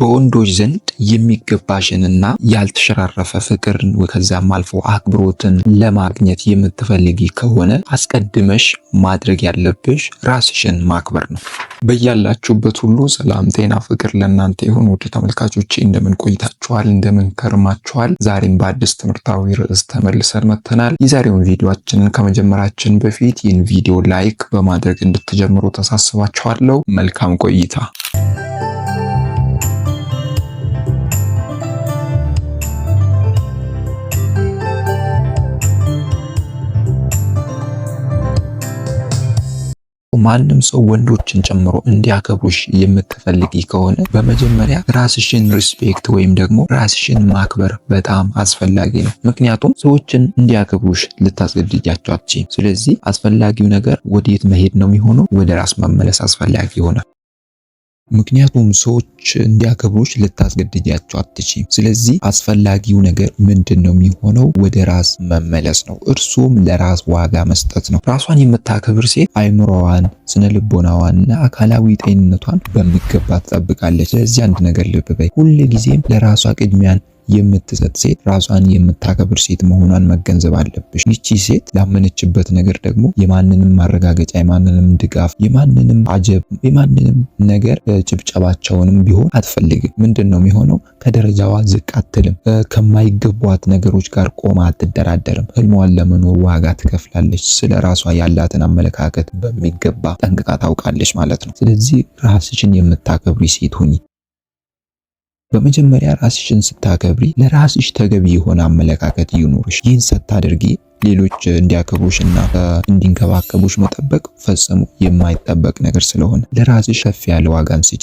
በወንዶች ዘንድ የሚገባሽንና ያልተሸራረፈ ፍቅርን ከዛም አልፎ አክብሮትን ለማግኘት የምትፈልጊ ከሆነ አስቀድመሽ ማድረግ ያለብሽ ራስሽን ማክበር ነው። በያላችሁበት ሁሉ ሰላም፣ ጤና፣ ፍቅር ለእናንተ ይሁን። ውድ ተመልካቾቼ እንደምን ቆይታችኋል? እንደምን ከርማችኋል? ዛሬም በአዲስ ትምህርታዊ ርዕስ ተመልሰን መጥተናል። የዛሬውን ቪዲዮችንን ከመጀመራችን በፊት ይህን ቪዲዮ ላይክ በማድረግ እንድትጀምሩ ተሳስባችኋለሁ። መልካም ቆይታ ማንም ሰው ወንዶችን ጨምሮ እንዲያከብሩሽ የምትፈልጊ ከሆነ በመጀመሪያ ራስሽን ሪስፔክት ወይም ደግሞ ራስሽን ማክበር በጣም አስፈላጊ ነው። ምክንያቱም ሰዎችን እንዲያከብሩሽ ልታስገድጃቸው አትችይም። ስለዚህ አስፈላጊው ነገር ወዴት መሄድ ነው የሚሆነው? ወደ ራስ መመለስ አስፈላጊ ይሆናል። ምክንያቱም ሰዎች እንዲያከብሩሽ ልታስገድጃቸው አትችም። ስለዚህ አስፈላጊው ነገር ምንድን ነው የሚሆነው? ወደ ራስ መመለስ ነው። እርሱም ለራስ ዋጋ መስጠት ነው። ራሷን የምታከብር ሴት አይምሮዋን፣ ስነ ልቦናዋንና አካላዊ ጤንነቷን በሚገባ ትጠብቃለች። ስለዚህ አንድ ነገር ልብ በይ፣ ጊዜም ለራሷ ቅድሚያን የምትሰጥ ሴት፣ ራሷን የምታከብር ሴት መሆኗን መገንዘብ አለብሽ። ይቺ ሴት ላመነችበት ነገር ደግሞ የማንንም ማረጋገጫ፣ የማንንም ድጋፍ፣ የማንንም አጀብ፣ የማንንም ነገር ጭብጨባቸውንም ቢሆን አትፈልግም። ምንድን ነው የሚሆነው? ከደረጃዋ ዝቅ አትልም። ከማይገቧት ነገሮች ጋር ቆማ አትደራደርም። ህልሟን ለመኖር ዋጋ ትከፍላለች። ስለ ራሷ ያላትን አመለካከት በሚገባ ጠንቅቃ ታውቃለች ማለት ነው። ስለዚህ ራስሽን የምታከብሪ ሴት ሁኚ። በመጀመሪያ ራስሽን ስታከብሪ ለራስሽ ተገቢ የሆነ አመለካከት ይኑርሽ። ይህን ስታደርጊ ሌሎች እንዲያከብሩሽ እና እንዲንከባከቡሽ መጠበቅ ፈጽሞ የማይጠበቅ ነገር ስለሆነ ለራስሽ ከፍ ያለ ዋጋን ስጪ።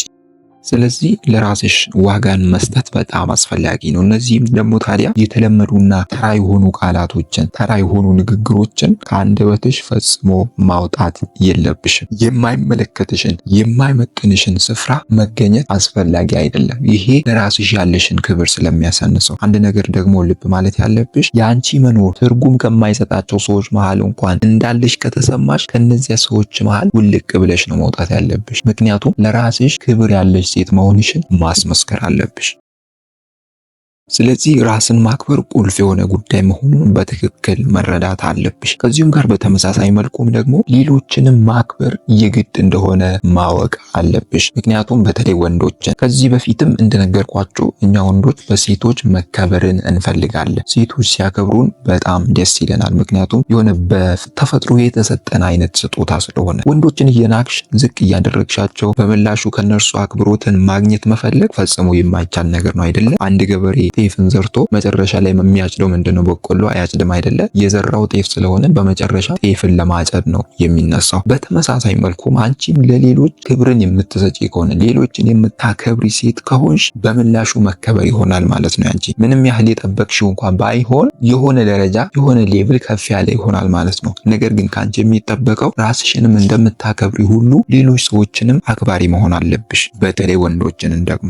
ስለዚህ ለራስሽ ዋጋን መስጠት በጣም አስፈላጊ ነው። እነዚህም ደግሞ ታዲያ የተለመዱና ተራ የሆኑ ቃላቶችን ተራ የሆኑ ንግግሮችን ከአንደበትሽ ፈጽሞ ማውጣት የለብሽም። የማይመለከትሽን የማይመጥንሽን ስፍራ መገኘት አስፈላጊ አይደለም። ይሄ ለራስሽ ያለሽን ክብር ስለሚያሳንሰው። አንድ ነገር ደግሞ ልብ ማለት ያለብሽ የአንቺ መኖር ትርጉም ከማይሰጣቸው ሰዎች መሀል እንኳን እንዳለሽ ከተሰማሽ ከእነዚያ ሰዎች መሀል ውልቅ ብለሽ ነው መውጣት ያለብሽ። ምክንያቱም ለራስሽ ክብር ያለሽ ሴት መሆንሽን ማስመስከር አለብሽ። ስለዚህ ራስን ማክበር ቁልፍ የሆነ ጉዳይ መሆኑን በትክክል መረዳት አለብሽ። ከዚሁም ጋር በተመሳሳይ መልኩም ደግሞ ሌሎችንም ማክበር የግድ እንደሆነ ማወቅ አለብሽ። ምክንያቱም በተለይ ወንዶችን ከዚህ በፊትም እንደነገርኳችሁ እኛ ወንዶች በሴቶች መከበርን እንፈልጋለን። ሴቶች ሲያከብሩን በጣም ደስ ይለናል። ምክንያቱም የሆነ በተፈጥሮ የተሰጠን አይነት ስጦታ ስለሆነ ወንዶችን እየናቅሽ ዝቅ እያደረግሻቸው በምላሹ ከነርሱ አክብሮትን ማግኘት መፈለግ ፈጽሞ የማይቻል ነገር ነው አይደለም። አንድ ገበሬ ጤፍን ዘርቶ መጨረሻ ላይ የሚያጭደው ምንድነው? በቆሎ አያጭድም አይደለ? የዘራው ጤፍ ስለሆነ በመጨረሻ ጤፍን ለማጨድ ነው የሚነሳው። በተመሳሳይ መልኩም አንቺም ለሌሎች ክብርን የምትሰጪ ከሆነ ሌሎችን የምታከብሪ ሴት ከሆንሽ በምላሹ መከበር ይሆናል ማለት ነው። አንቺ ምንም ያህል የጠበቅሽው እንኳን ባይሆን የሆነ ደረጃ የሆነ ሌቭል ከፍ ያለ ይሆናል ማለት ነው። ነገር ግን ከአንቺ የሚጠበቀው ራስሽንም እንደምታከብሪ ሁሉ ሌሎች ሰዎችንም አክባሪ መሆን አለብሽ። በተለይ ወንዶችንን ደግሞ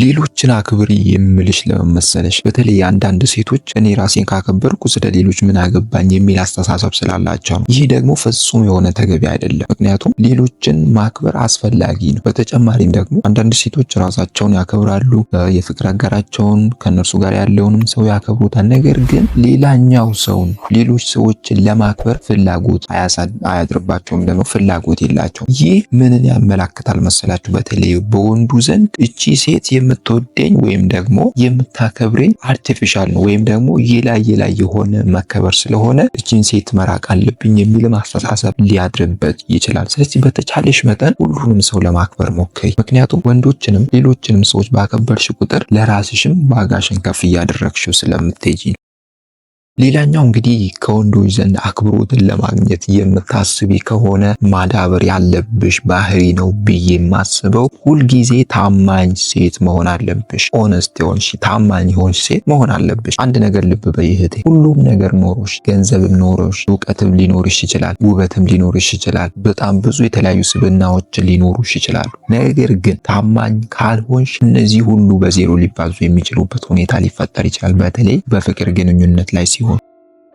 ሌሎችን አክብሪ የምልሽ ለምን መሰለሽ? በተለይ አንዳንድ ሴቶች እኔ ራሴን ካከበርኩ ስለ ሌሎች ምን አገባኝ የሚል አስተሳሰብ ስላላቸው ነው። ይህ ደግሞ ፍጹም የሆነ ተገቢ አይደለም። ምክንያቱም ሌሎችን ማክበር አስፈላጊ ነው። በተጨማሪም ደግሞ አንዳንድ ሴቶች ራሳቸውን ያከብራሉ፣ የፍቅር አጋራቸውን ከእነርሱ ጋር ያለውንም ሰው ያከብሩታል። ነገር ግን ሌላኛው ሰውን ሌሎች ሰዎችን ለማክበር ፍላጎት አያድርባቸውም፣ ደግሞ ፍላጎት የላቸውም። ይህ ምንን ያመላክታል መሰላችሁ? በተለይ በወንዱ ዘንድ እቺ ሴት የምትወደኝ ወይም ደግሞ የምታከብረኝ አርቲፊሻል ነው ወይም ደግሞ የላይ የላይ የሆነ መከበር ስለሆነ እችን ሴት መራቅ አለብኝ የሚልም አስተሳሰብ ሊያድርበት ይችላል። ስለዚህ በተቻለሽ መጠን ሁሉንም ሰው ለማክበር ሞክሪ። ምክንያቱም ወንዶችንም ሌሎችንም ሰዎች ባከበርሽ ቁጥር ለራስሽም ዋጋሽን ከፍ እያደረግሽው ስለምትሄጂ ነው። ሌላኛው እንግዲህ ከወንዶች ዘንድ አክብሮትን ለማግኘት የምታስቢ ከሆነ ማዳበር ያለብሽ ባህሪ ነው ብዬ የማስበው ሁልጊዜ ታማኝ ሴት መሆን አለብሽ። ኦነስት የሆንሽ ታማኝ የሆንሽ ሴት መሆን አለብሽ። አንድ ነገር ልብ በይ እህቴ፣ ሁሉም ነገር ኖሮሽ፣ ገንዘብም ኖሮሽ፣ እውቀትም ሊኖርሽ ይችላል፣ ውበትም ሊኖርሽ ይችላል፣ በጣም ብዙ የተለያዩ ስብናዎች ሊኖሩሽ ይችላሉ። ነገር ግን ታማኝ ካልሆንሽ እነዚህ ሁሉ በዜሮ ሊባዙ የሚችሉበት ሁኔታ ሊፈጠር ይችላል። በተለይ በፍቅር ግንኙነት ላይ ሲሆን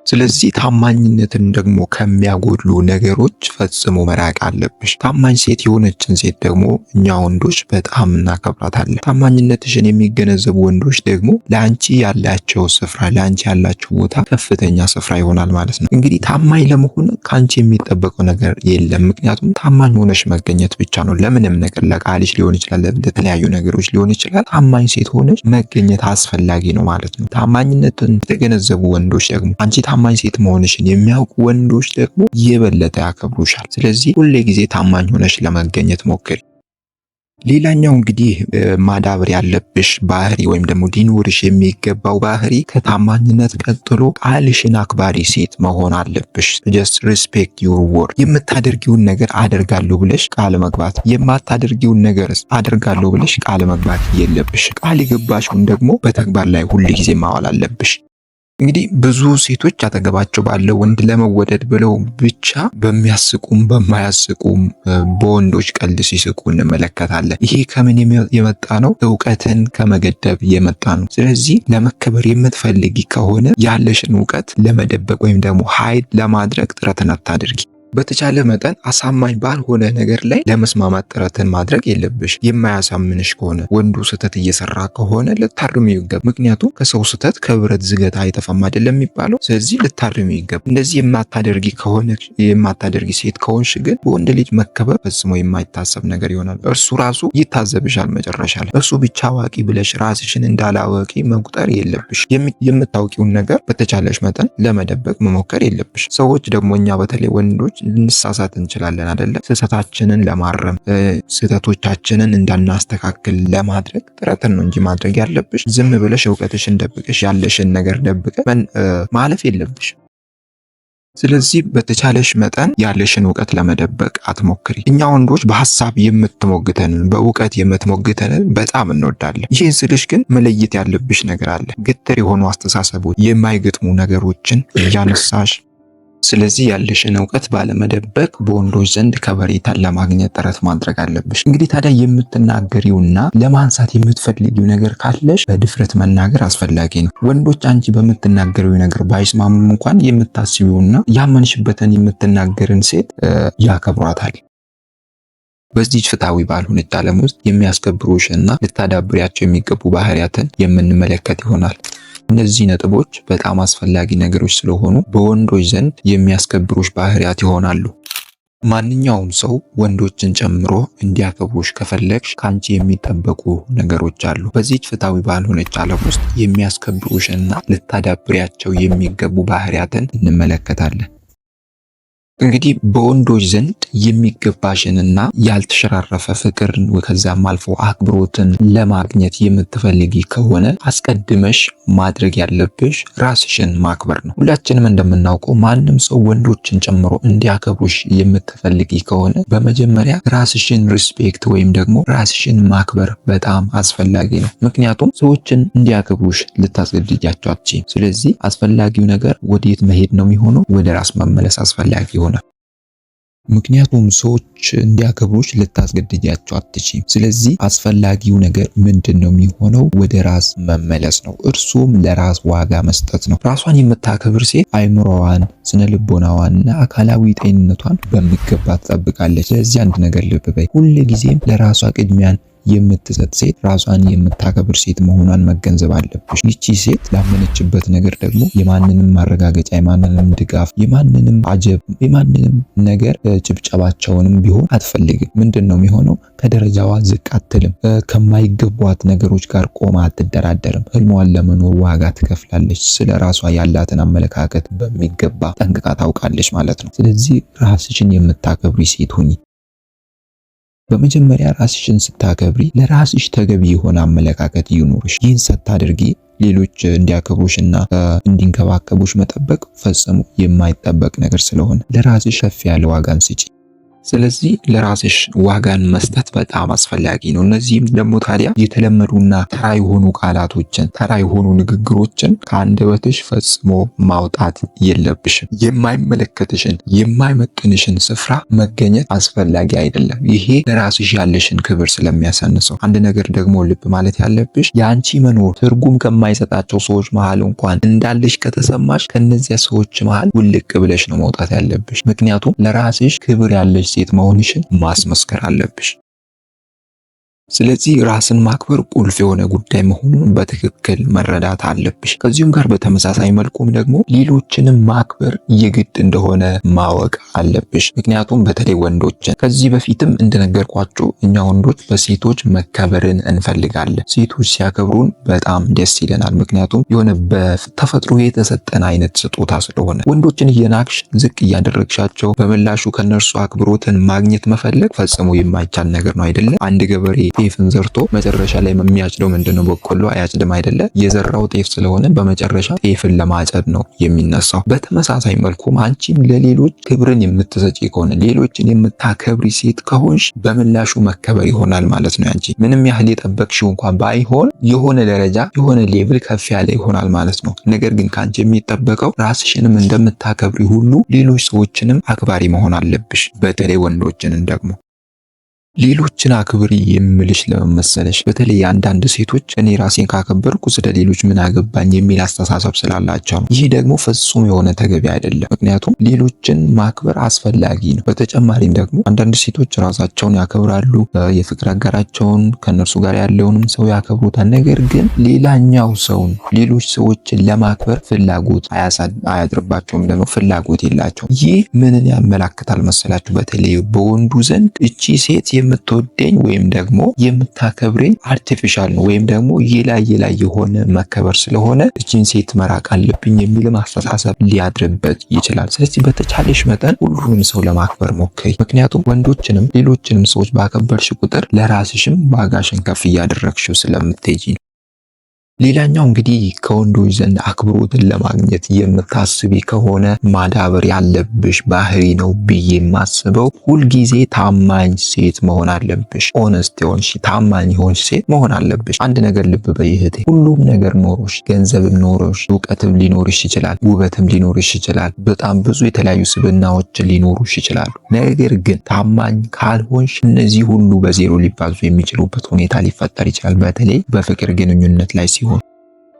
ስለዚህ ታማኝነትን ደግሞ ከሚያጎድሉ ነገሮች ፈጽሞ መራቅ አለብሽ። ታማኝ ሴት የሆነችን ሴት ደግሞ እኛ ወንዶች በጣም እናከብራታለን። ታማኝነትሽን የሚገነዘቡ ወንዶች ደግሞ ለአንቺ ያላቸው ስፍራ፣ ለአንቺ ያላቸው ቦታ ከፍተኛ ስፍራ ይሆናል ማለት ነው። እንግዲህ ታማኝ ለመሆን ከአንቺ የሚጠበቀው ነገር የለም። ምክንያቱም ታማኝ ሆነሽ መገኘት ብቻ ነው። ለምንም ነገር ለቃልሽ ሊሆን ይችላል፣ ለተለያዩ ነገሮች ሊሆን ይችላል። ታማኝ ሴት ሆነሽ መገኘት አስፈላጊ ነው ማለት ነው። ታማኝነትን የተገነዘቡ ወንዶች ደግሞ አንቺ ታማኝ ሴት መሆንሽን የሚያውቁ ወንዶች ደግሞ የበለጠ ያከብሩሻል። ስለዚህ ሁሌ ጊዜ ታማኝ ሆነሽ ለመገኘት ሞክሪ። ሌላኛው እንግዲህ ማዳበር ያለብሽ ባህሪ ወይም ደግሞ ሊኖርሽ የሚገባው ባህሪ ከታማኝነት ቀጥሎ ቃልሽን አክባሪ ሴት መሆን አለብሽ። ጀስት ሪስፔክት ዩር ወርድ። የምታደርጊውን ነገር አደርጋለሁ ብለሽ ቃል መግባት፣ የማታደርጊውን ነገር አደርጋለሁ ብለሽ ቃል መግባት የለብሽ። ቃል የገባሽውን ደግሞ በተግባር ላይ ሁል ጊዜ ማዋል አለብሽ። እንግዲህ ብዙ ሴቶች አጠገባቸው ባለው ወንድ ለመወደድ ብለው ብቻ በሚያስቁም በማያስቁም በወንዶች ቀልድ ሲስቁ እንመለከታለን። ይሄ ከምን የመጣ ነው? እውቀትን ከመገደብ የመጣ ነው። ስለዚህ ለመከበር የምትፈልጊ ከሆነ ያለሽን እውቀት ለመደበቅ ወይም ደግሞ ሀይድ ለማድረግ ጥረትን አታድርጊ። በተቻለ መጠን አሳማኝ ባልሆነ ነገር ላይ ለመስማማት ጥረትን ማድረግ የለብሽ። የማያሳምንሽ ከሆነ ወንዱ ስህተት እየሰራ ከሆነ ልታርም ይገባ። ምክንያቱም ከሰው ስህተት ከብረት ዝገት አይጠፋም አይደለም የሚባለው። ስለዚህ ልታርም ይገባ። እንደዚህ የማታደርጊ ከሆነ የማታደርጊ ሴት ከሆንሽ ግን በወንድ ልጅ መከበር ፈጽሞ የማይታሰብ ነገር ይሆናል። እርሱ ራሱ ይታዘብሻል። መጨረሻ ላይ እርሱ ብቻ አዋቂ ብለሽ ራስሽን እንዳላዋቂ መቁጠር የለብሽ። የምታውቂውን ነገር በተቻለሽ መጠን ለመደበቅ መሞከር የለብሽ። ሰዎች ደግሞ እኛ በተለይ ወንዶች ልንሳሳት እንችላለን አይደለም ስህተታችንን ለማረም ስህተቶቻችንን እንዳናስተካክል ለማድረግ ጥረትን ነው እንጂ ማድረግ ያለብሽ ዝም ብለሽ እውቀትሽን ደብቀሽ ያለሽን ነገር ደብቀ ማለፍ የለብሽ። ስለዚህ በተቻለሽ መጠን ያለሽን እውቀት ለመደበቅ አትሞክሪ። እኛ ወንዶች በሀሳብ የምትሞግተንን በእውቀት የምትሞግተንን በጣም እንወዳለን። ይህን ስልሽ ግን መለየት ያለብሽ ነገር አለ። ግትር የሆኑ አስተሳሰቦች፣ የማይገጥሙ ነገሮችን እያነሳሽ ስለዚህ ያለሽን እውቀት ባለመደበቅ በወንዶች ዘንድ ከበሬታን ለማግኘት ጥረት ማድረግ አለብሽ። እንግዲህ ታዲያ የምትናገሪውና ለማንሳት የምትፈልጊው ነገር ካለሽ በድፍረት መናገር አስፈላጊ ነው። ወንዶች አንቺ በምትናገሪው ነገር ባይስማሙም እንኳን የምታስቢውና ያመንሽበትን የምትናገርን ሴት ያከብሯታል። በዚህ ፍትሐዊ ባልሆነች ዓለም ውስጥ የሚያስከብሩሽና ልታዳብሪያቸው የሚገቡ ባህሪያትን የምንመለከት ይሆናል። እነዚህ ነጥቦች በጣም አስፈላጊ ነገሮች ስለሆኑ በወንዶች ዘንድ የሚያስከብሩሽ ባህሪያት ይሆናሉ። ማንኛውም ሰው ወንዶችን ጨምሮ እንዲያከብሩሽ ከፈለግሽ ከአንቺ የሚጠበቁ ነገሮች አሉ። ፍታዊ ፍትሐዊ ባልሆነች ዓለም ውስጥ የሚያስከብሩሽና ልታዳብሪያቸው የሚገቡ ባህሪያትን እንመለከታለን። እንግዲህ በወንዶች ዘንድ የሚገባሽንና ያልተሸራረፈ ፍቅርን ከዛም አልፎ አክብሮትን ለማግኘት የምትፈልጊ ከሆነ አስቀድመሽ ማድረግ ያለብሽ ራስሽን ማክበር ነው። ሁላችንም እንደምናውቀው ማንም ሰው ወንዶችን ጨምሮ እንዲያከብሩሽ የምትፈልጊ ከሆነ በመጀመሪያ ራስሽን ሪስፔክት ወይም ደግሞ ራስሽን ማክበር በጣም አስፈላጊ ነው። ምክንያቱም ሰዎችን እንዲያከብሩሽ ልታስገድጃቸው አትችይም። ስለዚህ አስፈላጊው ነገር ወዴት መሄድ ነው የሚሆነው? ወደ ራስ መመለስ አስፈላጊ ምክንያቱም ሰዎች እንዲያከብሩሽ ልታስገድጃቸው አትችም። ስለዚህ አስፈላጊው ነገር ምንድን ነው የሚሆነው? ወደ ራስ መመለስ ነው። እርሱም ለራስ ዋጋ መስጠት ነው። ራሷን የምታከብር ሴት አይምሮዋን፣ ስነ ልቦናዋንና አካላዊ ጤንነቷን በሚገባ ትጠብቃለች። ስለዚህ አንድ ነገር ልብ በይ፣ ጊዜም ለራሷ ቅድሚያን የምትሰጥ ሴት፣ ራሷን የምታከብር ሴት መሆኗን መገንዘብ አለብሽ። ይቺ ሴት ላመነችበት ነገር ደግሞ የማንንም ማረጋገጫ፣ የማንንም ድጋፍ፣ የማንንም አጀብ፣ የማንንም ነገር ጭብጨባቸውንም ቢሆን አትፈልግም። ምንድን ነው የሚሆነው? ከደረጃዋ ዝቅ አትልም። ከማይገቧት ነገሮች ጋር ቆማ አትደራደርም። ህልሟን ለመኖር ዋጋ ትከፍላለች። ስለ ራሷ ያላትን አመለካከት በሚገባ ጠንቅቃ ታውቃለች ማለት ነው። ስለዚህ ራስሽን የምታከብሪ ሴት ሁኚ። በመጀመሪያ ራስሽን ስታከብሪ ለራስሽ ተገቢ የሆነ አመለካከት ይኑርሽ። ይህን ስታደርጊ ሌሎች እንዲያከብሩሽና እንዲንከባከቡሽ መጠበቅ ፈጽሞ የማይጠበቅ ነገር ስለሆነ ለራስሽ ከፍ ያለ ዋጋን ስጪ። ስለዚህ ለራስሽ ዋጋን መስጠት በጣም አስፈላጊ ነው። እነዚህም ደግሞ ታዲያ የተለመዱና ተራ የሆኑ ቃላቶችን ተራ የሆኑ ንግግሮችን ከአንደበትሽ ፈጽሞ ማውጣት የለብሽም። የማይመለከትሽን የማይመጥንሽን ስፍራ መገኘት አስፈላጊ አይደለም። ይሄ ለራስሽ ያለሽን ክብር ስለሚያሳንሰው። አንድ ነገር ደግሞ ልብ ማለት ያለብሽ የአንቺ መኖር ትርጉም ከማይሰጣቸው ሰዎች መሀል እንኳን እንዳለሽ ከተሰማሽ ከነዚያ ሰዎች መሀል ውልቅ ብለሽ ነው መውጣት ያለብሽ። ምክንያቱም ለራስሽ ክብር ያለሽ ሴት መሆንሽን ማስመስከር አለብሽ። ስለዚህ ራስን ማክበር ቁልፍ የሆነ ጉዳይ መሆኑን በትክክል መረዳት አለብሽ። ከዚሁም ጋር በተመሳሳይ መልኩም ደግሞ ሌሎችንም ማክበር የግድ እንደሆነ ማወቅ አለብሽ። ምክንያቱም በተለይ ወንዶችን ከዚህ በፊትም እንደነገርኳችሁ እኛ ወንዶች በሴቶች መከበርን እንፈልጋለን። ሴቶች ሲያከብሩን በጣም ደስ ይለናል። ምክንያቱም የሆነ በተፈጥሮ የተሰጠን አይነት ስጦታ ስለሆነ ወንዶችን እየናክሽ ዝቅ እያደረግሻቸው በምላሹ ከነርሱ አክብሮትን ማግኘት መፈለግ ፈጽሞ የማይቻል ነገር ነው አይደለም። አንድ ገበሬ ጤፍን ዘርቶ መጨረሻ ላይ የሚያጭደው ምንድን ነው? በቆሎ አያጭድም አይደለ? የዘራው ጤፍ ስለሆነ በመጨረሻ ጤፍን ለማጨድ ነው የሚነሳው። በተመሳሳይ መልኩም አንቺም ለሌሎች ክብርን የምትሰጪ ከሆነ ሌሎችን የምታከብሪ ሴት ከሆንሽ በምላሹ መከበር ይሆናል ማለት ነው። አንቺ ምንም ያህል የጠበቅሽው እንኳን ባይሆን የሆነ ደረጃ የሆነ ሌቭል ከፍ ያለ ይሆናል ማለት ነው። ነገር ግን ከአንቺ የሚጠበቀው ራስሽንም እንደምታከብሪ ሁሉ ሌሎች ሰዎችንም አክባሪ መሆን አለብሽ። በተለይ ወንዶችንን ደግሞ ሌሎችን አክብሪ የምልሽ ለመመሰለሽ በተለይ አንዳንድ ሴቶች እኔ ራሴን ካከበርኩ ስለ ሌሎች ምን አገባኝ የሚል አስተሳሰብ ስላላቸው ነው። ይህ ደግሞ ፍጹም የሆነ ተገቢ አይደለም። ምክንያቱም ሌሎችን ማክበር አስፈላጊ ነው። በተጨማሪም ደግሞ አንዳንድ ሴቶች ራሳቸውን ያከብራሉ፣ የፍቅር አጋራቸውን ከእነርሱ ጋር ያለውንም ሰው ያከብሩታል። ነገር ግን ሌላኛው ሰውን ሌሎች ሰዎችን ለማክበር ፍላጎት አያድርባቸውም፣ ደግሞ ፍላጎት የላቸውም። ይህ ምንን ያመላክታል መሰላችሁ? በተለይ በወንዱ ዘንድ እቺ ሴት የምትወደኝ ወይም ደግሞ የምታከብረኝ አርቲፊሻል ነው ወይም ደግሞ የላይ የላይ የሆነ መከበር ስለሆነ እችን ሴት መራቅ አለብኝ የሚልም አስተሳሰብ ሊያድርበት ይችላል። ስለዚህ በተቻለሽ መጠን ሁሉንም ሰው ለማክበር ሞክሪ። ምክንያቱም ወንዶችንም ሌሎችንም ሰዎች ባከበርሽ ቁጥር ለራስሽም ዋጋሽን ከፍ እያደረግሽው ስለምትሄጂ ነው። ሌላኛው እንግዲህ ከወንዶች ዘንድ አክብሮትን ለማግኘት የምታስቢ ከሆነ ማዳበር ያለብሽ ባህሪ ነው ብዬ የማስበው ሁልጊዜ ታማኝ ሴት መሆን አለብሽ። ኦነስት የሆንሽ ታማኝ የሆንሽ ሴት መሆን አለብሽ። አንድ ነገር ልብ በይ እህቴ፣ ሁሉም ነገር ኖሮሽ፣ ገንዘብም ኖሮሽ፣ እውቀትም ሊኖርሽ ይችላል፣ ውበትም ሊኖርሽ ይችላል፣ በጣም ብዙ የተለያዩ ስብናዎች ሊኖሩሽ ይችላሉ። ነገር ግን ታማኝ ካልሆንሽ እነዚህ ሁሉ በዜሮ ሊባዙ የሚችሉበት ሁኔታ ሊፈጠር ይችላል። በተለይ በፍቅር ግንኙነት ላይ ሲሆን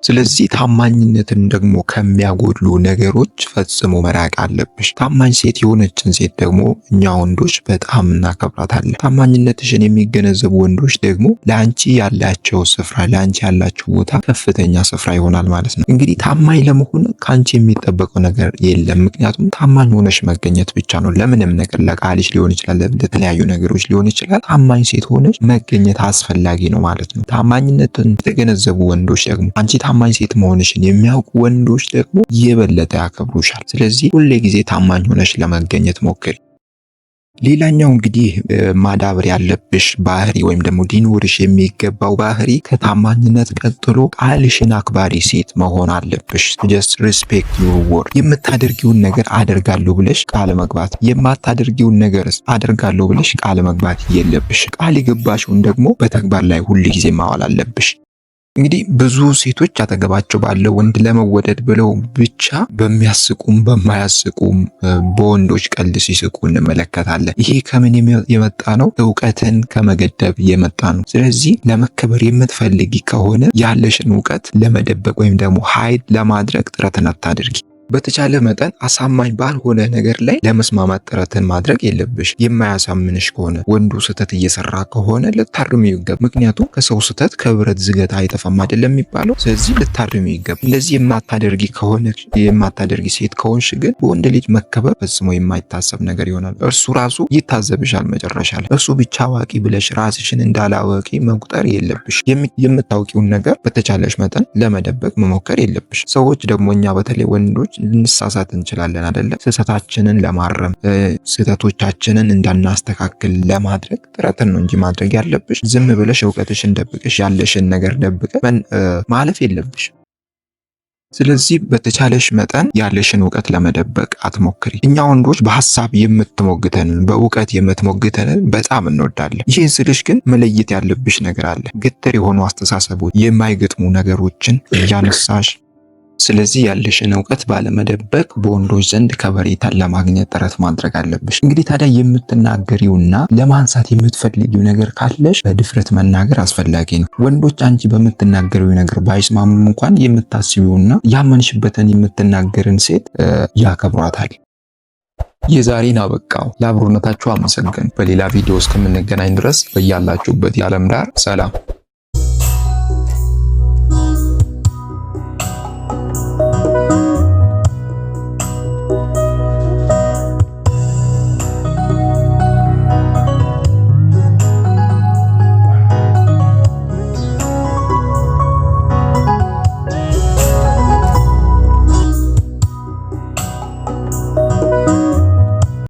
ስለዚህ ታማኝነትን ደግሞ ከሚያጎድሉ ነገሮች ፈጽሞ መራቅ አለብሽ። ታማኝ ሴት የሆነችን ሴት ደግሞ እኛ ወንዶች በጣም እናከብራታለን። ታማኝነትሽን የሚገነዘቡ ወንዶች ደግሞ ለአንቺ ያላቸው ስፍራ፣ ለአንቺ ያላቸው ቦታ ከፍተኛ ስፍራ ይሆናል ማለት ነው። እንግዲህ ታማኝ ለመሆን ከአንቺ የሚጠበቀው ነገር የለም። ምክንያቱም ታማኝ ሆነሽ መገኘት ብቻ ነው። ለምንም ነገር ለቃልሽ ሊሆን ይችላል፣ ለተለያዩ ነገሮች ሊሆን ይችላል። ታማኝ ሴት ሆነሽ መገኘት አስፈላጊ ነው ማለት ነው። ታማኝነትን የተገነዘቡ ወንዶች ደግሞ አንቺ ታማኝ ሴት መሆንሽን የሚያውቁ ወንዶች ደግሞ የበለጠ ያከብሩሻል። ስለዚህ ሁሌ ጊዜ ታማኝ ሆነሽ ለመገኘት ሞክሪ። ሌላኛው እንግዲህ ማዳበር ያለብሽ ባህሪ ወይም ደግሞ ሊኖርሽ የሚገባው ባህሪ ከታማኝነት ቀጥሎ ቃልሽን አክባሪ ሴት መሆን አለብሽ። ጀስት ሪስፔክት ዩር ወርድ። የምታደርጊውን ነገር አደርጋለሁ ብለሽ ቃል መግባት፣ የማታደርጊውን ነገር አደርጋለሁ ብለሽ ቃል መግባት የለብሽ። ቃል የገባሽውን ደግሞ በተግባር ላይ ሁል ጊዜ ማዋል አለብሽ። እንግዲህ ብዙ ሴቶች አጠገባቸው ባለው ወንድ ለመወደድ ብለው ብቻ በሚያስቁም በማያስቁም በወንዶች ቀልድ ሲስቁ እንመለከታለን። ይሄ ከምን የመጣ ነው? እውቀትን ከመገደብ የመጣ ነው። ስለዚህ ለመከበር የምትፈልጊ ከሆነ ያለሽን እውቀት ለመደበቅ ወይም ደግሞ ሀይድ ለማድረግ ጥረትን አታድርጊ። በተቻለ መጠን አሳማኝ ባልሆነ ነገር ላይ ለመስማማት ጥረትን ማድረግ የለብሽ። የማያሳምንሽ ከሆነ ወንዱ ስህተት እየሰራ ከሆነ ልታርሚው ይገባ። ምክንያቱም ከሰው ስህተት ከብረት ዝገት አይጠፋም አይደለም የሚባለው። ስለዚህ ልታርሚው ይገባ። እንደዚህ የማታደርጊ ከሆነ የማታደርጊ ሴት ከሆንሽ ግን በወንድ ልጅ መከበር ፈጽሞ የማይታሰብ ነገር ይሆናል። እርሱ ራሱ ይታዘብሻል። መጨረሻ ላይ እርሱ ብቻ አዋቂ ብለሽ ራስሽን እንዳላዋቂ መቁጠር የለብሽ። የምታውቂውን ነገር በተቻለሽ መጠን ለመደበቅ መሞከር የለብሽ። ሰዎች ደግሞ እኛ በተለይ ወንዶች ልንሳሳት እንችላለን አይደለም። ስህተታችንን ለማረም ስህተቶቻችንን እንዳናስተካክል ለማድረግ ጥረትን ነው እንጂ ማድረግ ያለብሽ ዝም ብለሽ እውቀትሽን ደብቀሽ ያለሽን ነገር ደብቀ ማለፍ የለብሽ። ስለዚህ በተቻለሽ መጠን ያለሽን እውቀት ለመደበቅ አትሞክሪ። እኛ ወንዶች በሀሳብ የምትሞግተንን በእውቀት የምትሞግተንን በጣም እንወዳለን። ይህን ስልሽ ግን መለየት ያለብሽ ነገር አለ። ግትር የሆኑ አስተሳሰቦች፣ የማይገጥሙ ነገሮችን እያነሳሽ ስለዚህ ያለሽን እውቀት ባለመደበቅ በወንዶች ዘንድ ከበሬታን ለማግኘት ጥረት ማድረግ አለብሽ። እንግዲህ ታዲያ የምትናገሪውና ለማንሳት የምትፈልጊው ነገር ካለሽ በድፍረት መናገር አስፈላጊ ነው። ወንዶች አንቺ በምትናገሪው ነገር ባይስማሙም እንኳን የምታስቢውና ያመንሽበትን የምትናገርን ሴት ያከብሯታል። የዛሬን አበቃው። ለአብሮነታችሁ አመሰግን። በሌላ ቪዲዮ እስከምንገናኝ ድረስ በያላችሁበት የዓለም ዳር ሰላም